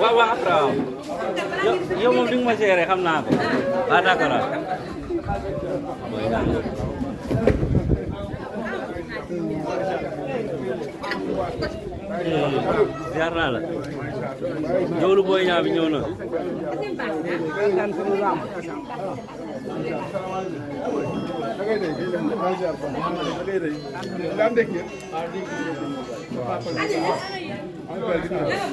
waaw waaw après waaw yow moom ma géré xam naa ko ah d'accord waaw. Eh, jaar naa la bi ñëw ah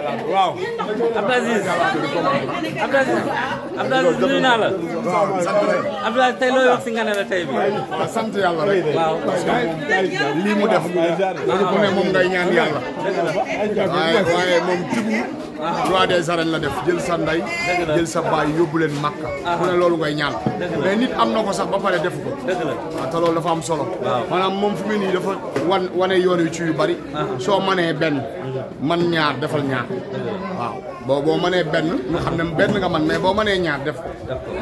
waaw. Abdou Aziz Abdou Aziz Abdou Aziz nuyu naa la. waaw Abdou tey looy wax si ngane la tey bi. waaw sant yàlla rek. waaw mu def. loolu ah. ku ne moom ngay ñaan yàlla. waaye waaye moom tibb. roi des arènes la def jël sa ndey jël sa baay yóbbu leen màkka ku ne loolu ngay ñaan mais nit am na ko sax ba pare def ko waaw ah, te dafa am solo maanaam moom fu me nii dafa wan wane yoon yu ci yu bari ah. soo manee benn man ñaar defal ñaar waaw boo boo mënee benn nga xam ne benn nga man mais boo mënee ñaar def ko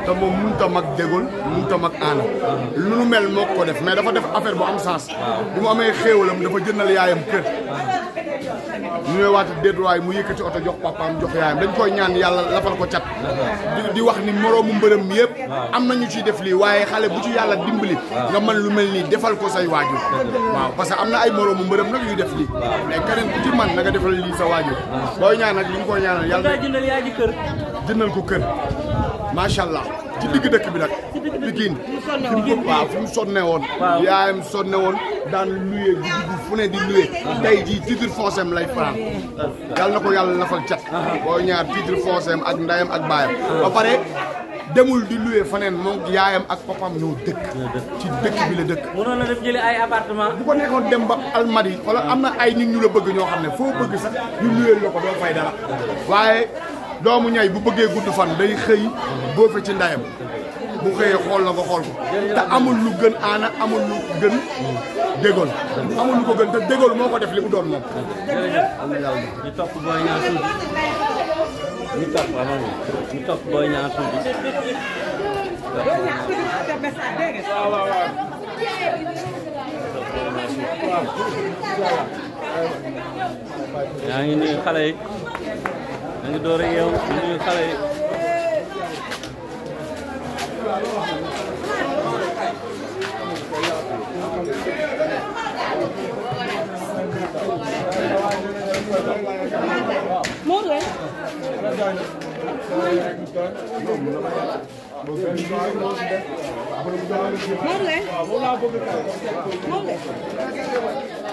te moom mënut a mag déggoon mënut a mag aana ah. lu nu mel moo ko def mais dafa def affaire bu am sens bi mu amee xéewalam dafa jëndal yaayam kër ñu ñooy waata dédduwaay mu yëkkati oto jox papaam jox yaayam dañ koy ñaan yàlla lafal ko cat di wax ni moroomu mbërëm yëpp am na ñu ciy def lii waaye xale bu ci yàlla dimbali nga man lu mel nii defal ko say waajur waaw parce que am na ay moroomu mbërëm nag yu def lii mais keneen ku ci man na nga defal lii sa waajur booy ñaan nag li ñu koy ñaanal yàlla jëndal ko kër macha allah ci digg dëkk bi nag bi gén waaw fu mu sonne woon yaayam sonne woon daan luye di dugg fu ne di luye ah. tey jii titre foncier lay faral yàlla na ko yàlla lafal cat ah. boo ñaar titre foncier am ak ndayam ak baayam ba pare demul di luye faneen moom yaayam ak papam ñoo dëkk ci dëkk bi la dëkk mënoon na ko nekkoon dem ba almadi wala am ay nit ñu la bëgg ñoo xam ne foo bëgg sax ñu luye la doo fay dara ah. waaye doomu ñay bu bëggee gudd fan day xëy boo fe ci ndayam bu xëyee xool la nga xool ko te amul lu gën amul lu gën dégol amul lu ko gën te dégol moo ko def li mu doon moom ñu topp booy ñaar tuuti ñu topp ñu da nga door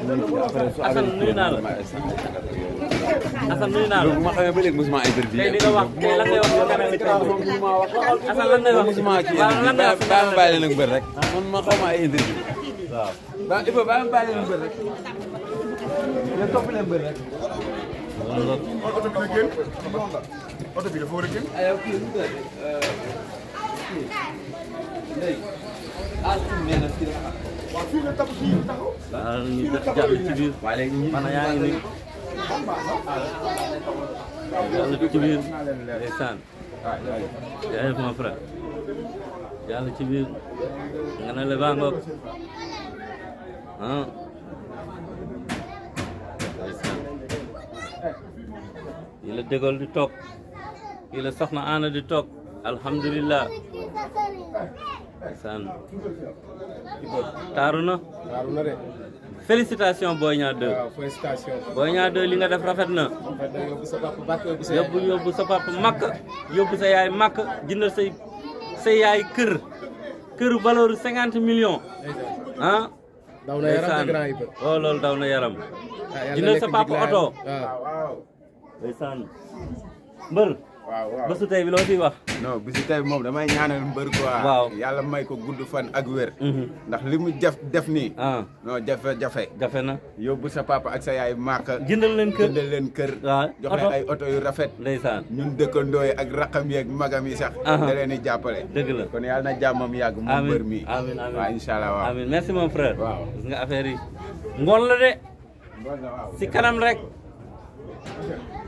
Assane nuyu naa la Assane nuyu naa la. bu ma xamee ba léegi mosuma interview. tey di nga wax tey lan ngay wax ba kanam Assane lan ngay wax waaw lan ngay wax baa ma bàyyi leen bët rek. man ma xaw ma ay interview. waaw baa il faut baa ma bàyyi leen bët rek. yéen topp leen bët rek. oto bi la génn oto bi dafa war a génn. waaw fii nga tabu fii ci biir. waaye léegi ñu mën a yaa ngi nii. jàll ci biir. ndeysaan. jaajëf mon frère. jàll ci nga ne la baa ngoog. ah. ndeysaan. yi la dégal di toog. yi la soxna Ana di toog. alhamdulilah. saan taaru na taaru na de félicitation Boy li nga def rafet na yóbbu yóbbu sa papa màkk yóbbu sa yaay màkk jëndal kër kër valeur cinquante millions ah daw na yaram oh na yaram ah, jëndal sa papa oto ah. ndeysaan waaw waaw bésu bi loo ciy wax. non bésu tey moom damay ñaanal mbër quoi. waaw yàlla may ko gudd fan ak wér. Mhm. ndax li mu jaf def nii. Ah. non jafe-jafe. jafe na yóbbu sa papa ak sa yaay màkk. jëndal leen kër jëndal leen kër. waaw ah, joxe ay oto yu rafet. ndeysaan ñun dëkkandoo yi ak raqam yi ak magam yi sax. Ah. da leen di jàppale. dëgg la kon yàlla na jàmmam yàgg. mu mbër mi amiin amiin waaw incha allah waaw. amiin merci mon nga affaire yi. ngoon la de. ngoon la waaw si kanam rek.